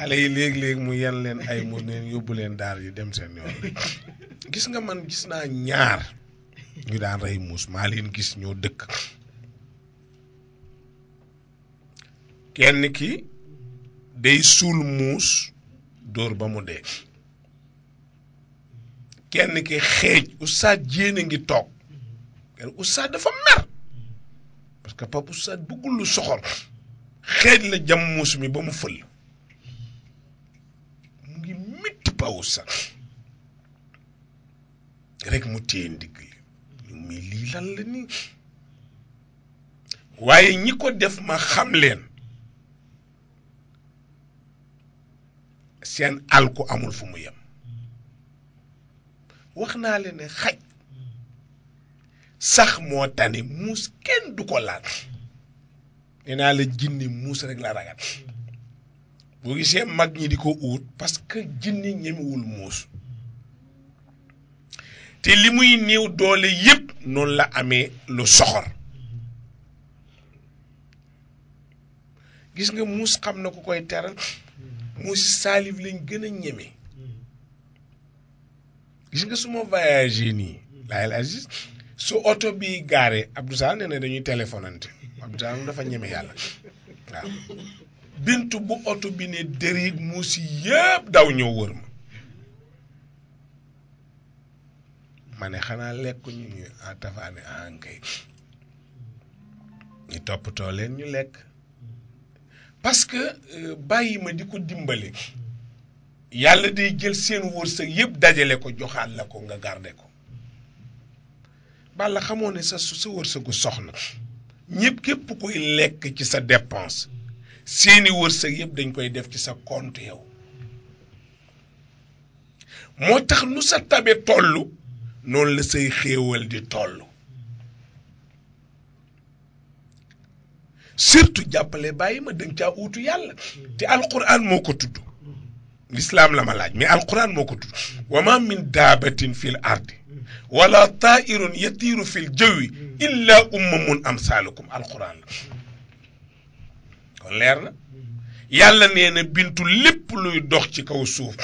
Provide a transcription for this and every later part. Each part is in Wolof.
xale yi léegi-léegi mu yan leen ay mu neen yóbbu leen daar yi dem seen yoon gis nga man gis naa ñaar ñu daan rey muus maa leen gis ñoo dëkk kenn ki day suul muus dóor ba mu dee kenn ki xeej Oustaz Jéene ngi toog kenn dafa mer parce que Pape Oustaz bëggul lu soxor xeej la jam muus mi ba mu fël aw sax rek mu téye ndigg li ñu muy lii lan la nii waaye ñi ko def ma xam leen seen alku amul fu mu yem wax naa leen ne xaj sax moo tane muus kenn du ko laal nee naa la jinne muus rek la ragal boo gisee mag ñi di ko uut parce que jinni ñemewul muus te li muy néew doole yépp noonu la amee lu soxor gis nga muus xam na ku koy teral muus saalif lañ gën a ñeme gis nga su ma nii laayal Aziz su oto bi gaare Abdou Sall nee na dañuy téléphonante Abdou Sall dafa ñeme yàlla waaw bint bu oto bi ne dëriig muus yépp daw ñëw wër ma ma ne xanaa lekk ñu ñu tafaane ankay ñu toppatoo leen ñu lekk parce que euh, bàyyi ma di ko dimbale yàlla day jël seen wërsëg yépp dajale ko joxaat la ko nga garde ko bala xamoo ne sa sa wërsëgu soxna ñépp képp koy lekk ci sa dépense seeni wërsëg yépp dañ koy def ci sa kont yow moo tax nu sa tabe tollu noonu la say xéewal di tollu surtout jàppale bàyyi ma danga caa uutu yàlla te alquran moo ko tudd lislaam la ma laaj mais alquran moo ko tudd wa ma min daabatin fil ardi wala taa'irun yatiiru fil jawi illa ummamun amsaalukum alquran la kon leer na yàlla nee na bintu lépp luy dox ci kaw suuf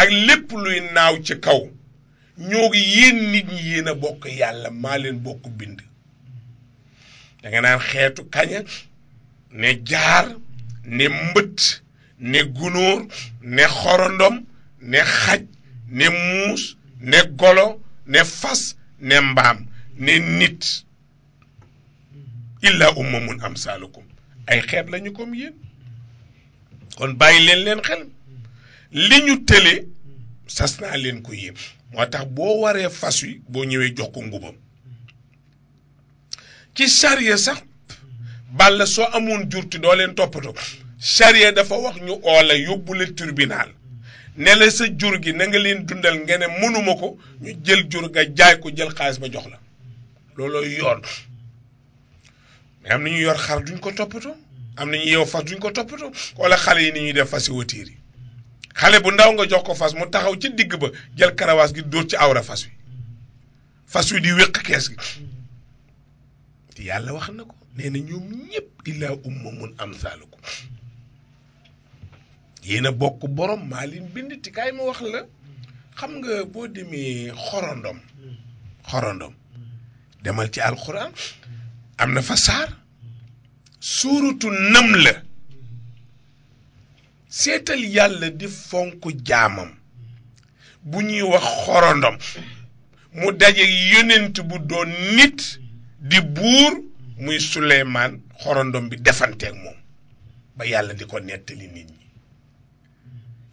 ak lépp luy naaw ci kaw ñoo ngi yéen nit ñi yéen a bokk yàlla maa leen bokk bind danga nga naan xeetu kaña ne jaar ne mbët ne gunóor ne xorondom ne xaj ne muus ne golo ne fas ne mbaam ne nit illa ummamun amsaalukum ay xeet lañu comme yéen kon bàyyi leen leen xel li ñu tële sas naa leen ko yéen moo tax boo waree fas wi boo ñëwee jox ko ngubam ci sariya sax balla soo amoon jurti doo leen toppatoo sariya dafa wax ñu oola yóbbu la tribunal ne sa jur gi na nga leen dundal nga ne mënuma ko ñu jël jur nga jaay ko jël xaalis ba jox la loolooy yoon mais am na ñu yor xar duñ ko toppatoo am na ñu yeew fas duñ ko toppatoo wala xale yi ni ñuy def fas yi watiir yi xale bu ndaw nga jox ko fas mu taxaw ci digg ba jël karawaas gi dóor ci awra fas wi fas wi di wéq kees gi te yàlla wax na ko nee na ñoom ñëpp illaa ummamun amsaalukum yéen a bokk borom maa leen bind ti kaay ma wax la xam nga boo demee xorondom xorondom demal ci alxuraan am na fa saar suuratu nam la seetal yàlla di fonk jaamam bu ñuy wax xorondom mu daje yonent bu doon nit di buur muy Suleymaan xorondom bi defanteeg moom ba yàlla di ko nettali nit ñi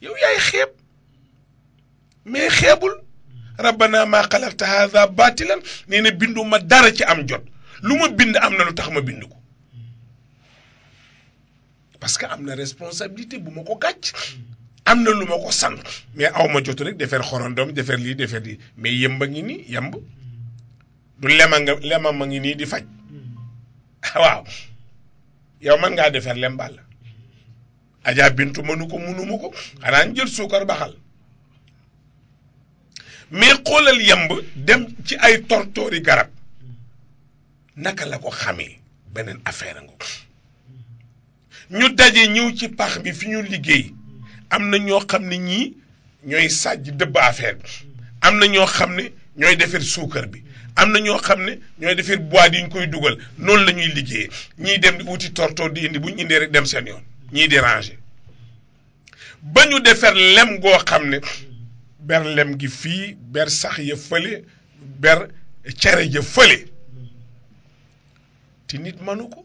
yow yaay xeeb mais xeebul rabbana ma xalaqta haada baatilan nee na binduma dara ci am jot lu ma bind am na lu tax ma bind ko parce que am na responsabilité bu ma ko gàcc am na lu ma ko sant mais awma ma jot rek defar xorondom defar lii defar di mais yemba ngi nii yemb du lema nga lema ngi nii di faj waaw yow man ngaa defar lem bàll Ajaa Bintu mënu ko mënuma ko xanaa jël suukar baxal mais xoolal yemb dem ci ay tortoori garab. naka la ko xamee beneen affaire nga ñu daje ñëw ci pax bi fi ñu liggéey am na ñoo xam ne ñii ñooy sàjj dëbb affaire am na ñoo xam ne ñooy defar suukar bi am na ñoo xam ne ñooy defar boîte yi ñu koy dugal noonu la ñuy liggéey ñii dem di wuti torto di indi bu ñu indee rek dem seen yoon ñii di ba ñu defar lem goo xam ne ber lem gi fii ber sax ya fële ber cere ja fële te nit manu ko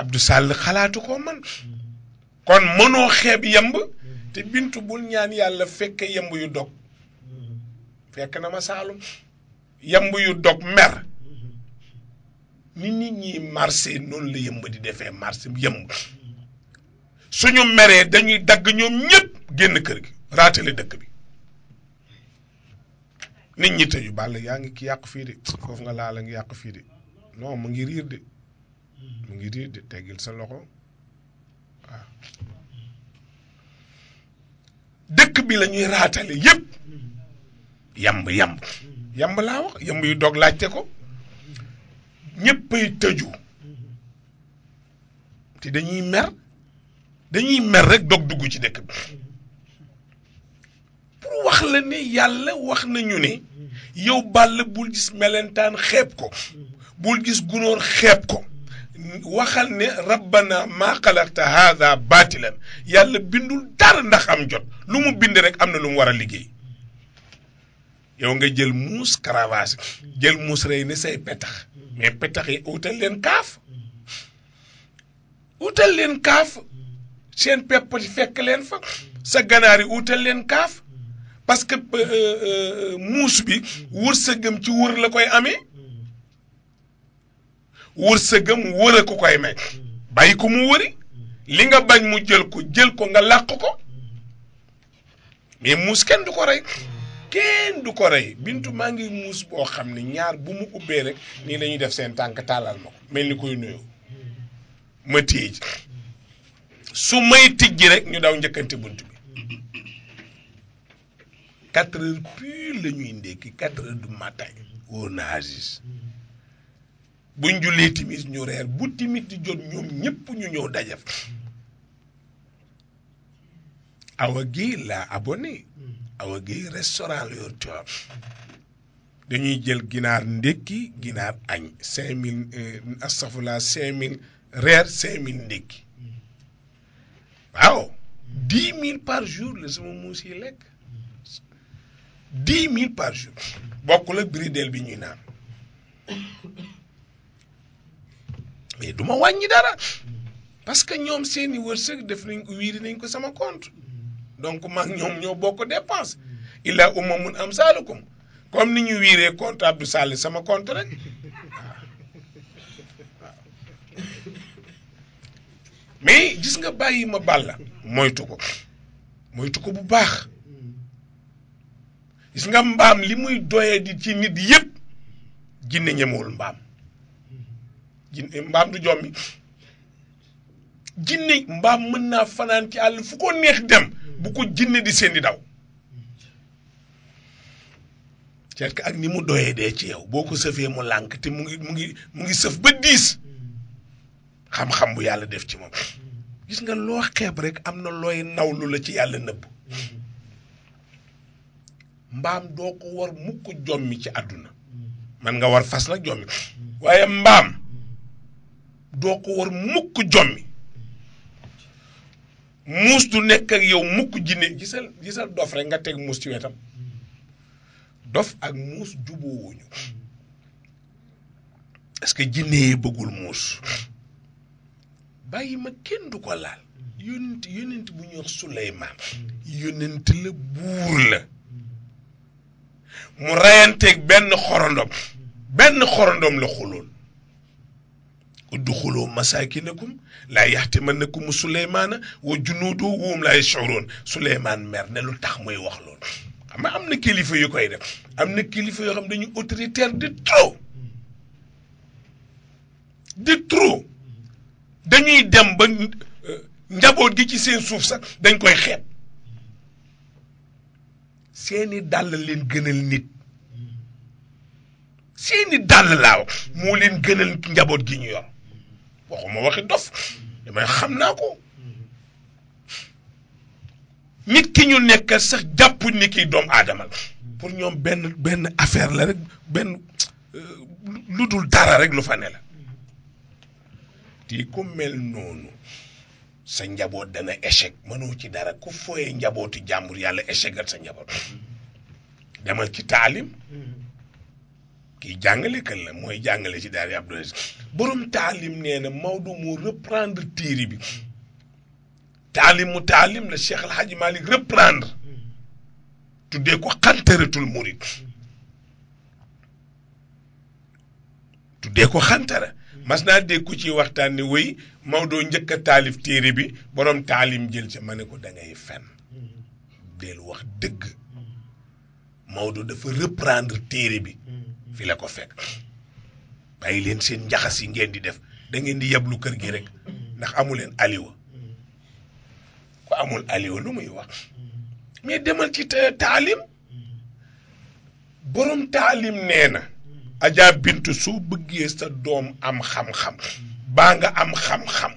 Abdou Sall xalaatu ko man kon mënoo xeeb yemb te bintu bul ñaan yàlla fekk yemb yu dog fekk na ma saalum yemb yu dog mer ni nit ñi marché noonu la yemb di defee marché yemb suñu meree dañuy dagg ñoom ñëpp génn kër gi raatale dëkk bi nit ñi tëju Balla yaa ngi ki yàq fii de foofu nga laal a ngi yàq fii de non mu ngi riir de mu ngi riir de teggil sa loxo dëkk bi la ñuy raatale yépp yamb yamb yamb laa wax yamb yu dog laajte ko ñéppay tëju te dañuy mer dañuy mer rek dog dugg ci dëkk pour wax la ne yàlla wax nañu ne yow Balla bul gis melentaan xeeb ko bul gis gunóor xeeb ko waxal ne rabbana maa xalaqta haada baatilan yàlla bindul dara ndax am jot lu mu bind rek am na lu mu war a liggéey yow nga jël muus caravage jël muus rey ne say petax mais petax yi utal leen kaaf utal leen kaaf seen pepp fekk leen fa sa ganaar yi utal leen kaaf parce que euh, euh, muus bi wërsëgam ci wër la koy amee wërsëgam wër a ko koy may bàyyi ko mu wëri li nga bañ mu jël ko jël ko nga làq ko mais muus kenn du ko rey kenn du ko rey bintu maa ngi muus boo xam ne ñaar bu mu ubbee rek nii lañuy def seen tànk tàllal ma ko mel ni koy nuyoo ma téye ji su may tijji rek ñu daw njëkkante bunt bi quatre heures ndékki du matin au naagis buñ jullee timis ñu reer bu timis di jot ñoom ñëpp ñu ñëw dajaf Awa Guèye la abonné Awa Guèye restaurant la yor coor dañuy jël ginaar ndékki ginaar añ cinq mille euh, astafurlah cinq reer ndékki waaw par jour la sama muus yi lekk dix mille par jour bokkul ak bridel bi ñuy naan mais du wàññi dara parce que ñoom seeni wërsëg def nañ ko wiiri nañ ko sama compte donc maag ñoom ñoo bokk dépense illaa mun am saalukum comme ni ñu wiiree compte Abdou Sall sama compte rek mais gis nga bàyyi ma bàlla moytu ko moytu ko bu baax gis nga mbaam li muy doyee di ci nit yépp jinne ñemewul mbaam jinne mbaam du jommi mbaam mën naa fanaan ci àll fu ko neex dem bu ko jinne di seen di daw c'est que ak ni mu doyee dee ci yow boo ko sëfee mu lànk te mu ngi mu ngi mu ngi sëf ba diis xam-xam bu yàlla def ci moom gis nga loo xeeb rek am na looy nawlu la ci yàlla nëbb mbaam doo ko war mukk jommi ci àdduna mm. man nga war fas nag jommi waaye mbaam doo ko war mukk jommi muus du nekk ak yow mukk jinne gisal gisal dof rek nga teg muus ci wetam mm. dof ak muus jubóowuñu parce que jinne yi bëggul muus bàyyi ma kenn du ko laal mm. yónent yónent bu ñuy Suleymaan yónent la buur la mu reyanteeg benn xorondom benn xorondom la xuloon udxulu masakinakum laa yaxtimannakum suleymaana wa junuudu wuum laa yashcuruun suleymaan mer ne lu tax muy wax loolu xam nga am na kilifa yu koy def am na kilifa yoo xam dañu autoritaire de trop de trop dañuy dem ba euh, njaboot gi ci seen suuf sax dañ koy xeeb seeni dàll leen gënal nit seeni dàll laa moo leen gënal njaboot gi ñu yor waxuma waxi dof damay xam naa ko nit ki ñu nekk sax jàppu ni ki doom aadama pour ñoom benn benn affaire la rek benn euh, lu dul dara rek lu fa ne la te ku mel noonu sa njaboot dana échec mënoo ci dara ku fooyee njabootu jàmbur yàlla échecal sa njaboot demal ci taalim kii jàngalekat la mooy jàngale ci daara Abdou Aziz borom taalim nee na Maodo moo reprendre téere bi taalim mu taalim la Cheikh El Hadj Malick reprendre tuddee ko xantaratul murid tuddee ko xantara mas naa dégg ci waxtaan ne wéy Maodo njëkk a taalif téere bi borom taalim jël ca ma ne ko dangay ngay fen deel wax dëgg Maodo dafa reprendre téere bi fi la ko fekk bàyyi leen seen njaxas yi ngeen di def da ngeen di yablu kër gi rek ndax amu leen aliwa ku amul aliwa lu muy wax mais demal ci taalim borom taalim nee na Adja Bintu soo bëggee sa doom am xam-xam baa nga am xam-xam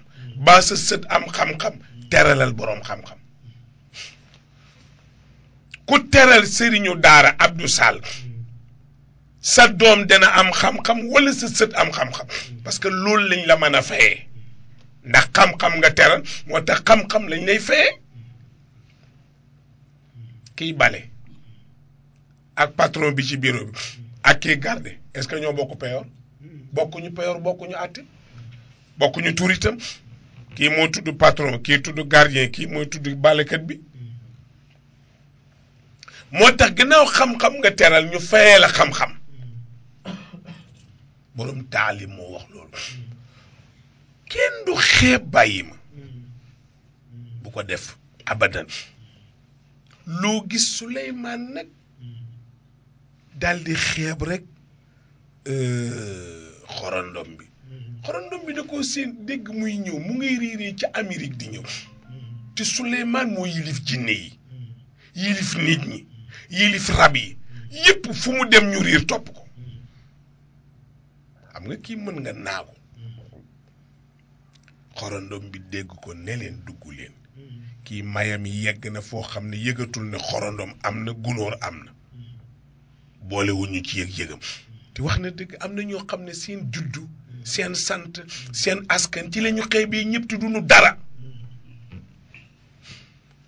baa sa am xam-xam teralal boroom xam-xam ku teral sëriñu daara ab du Sall sa doom dana am xam-xam walla sa am xam-xam parce que loolu lañ la mën a fayee ndax xam-xam nga teral moo tax xam-xam lañ lay fayee kiy bale ak patron bi ci bureau ak kiy garde est-ce que ñoo bokk peyor bokkuñu peyor bokkuñu àtte bokkuñu tuur kii moo tudd patron kii tudd gardien kii mooy tudd balekat bi moo tax gannaaw xam-xam nga teral ñu fayee la xam-xam moo wax loolu bàyyi ma bu ko def abadan loo gis Suleymaan nag daal di xeeb rek Euh, xorondom bi mm-hmm. xorondom bi da koo seen dégg muy ñëw mu ngay riiree ca Amérique di ñëw mm-hmm. te Souleymane moo yilif jinne yi mm-hmm. yilif nit ñi yilif rab yi yépp fu mu dem ñu riir topp ko xam nga kii mën nga naagu xorondom bi dégg ko ne leen dugg leen kii mayam yi yegg na foo xam ne yëgatul ne xorondom am na gunóor am na boolewuñu ci yëg-yëgam te wax na dëgg am na ñoo xam ne seen juddu seen sant seen askan ci la ñu xeebee ñëpp te duñu dara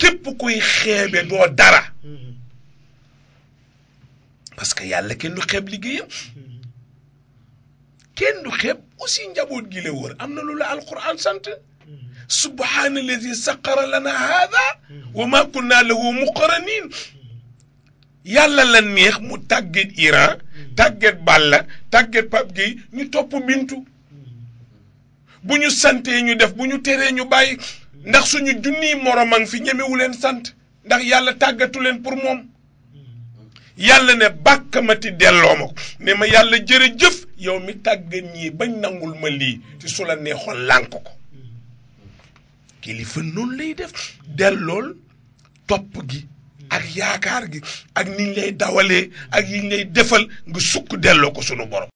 képp kuy xeebe doo dara parce que yàlla kenn du xeeb liggéeyam kenn du xeeb aussi njaboot gi wër am na lu la alquran sant subhaana alladi saqara lana haada wa ma kunna lahu muqaranin yàlla la neex mu tàggat Iran tàgget Balla tàggat Pape gi ñu topp Bintu bu ñu santee ñu def bu ñu teree ñu bàyyi ndax suñu junniy moromang fi ñemewu leen sant ndax yàlla tàggatu leen pour moom yàlla ne bàkk delloo ma ko ne ma yàlla jëf yow mi tàggat ñii bañ nangul ma lii ci su la neexoon lànk ko kilifa noonu lay def dellool topp gi ak yaakaar gi ak ni ñu lay dawalee ak yi ñu lay defal nga sukk delloo ko sunu borom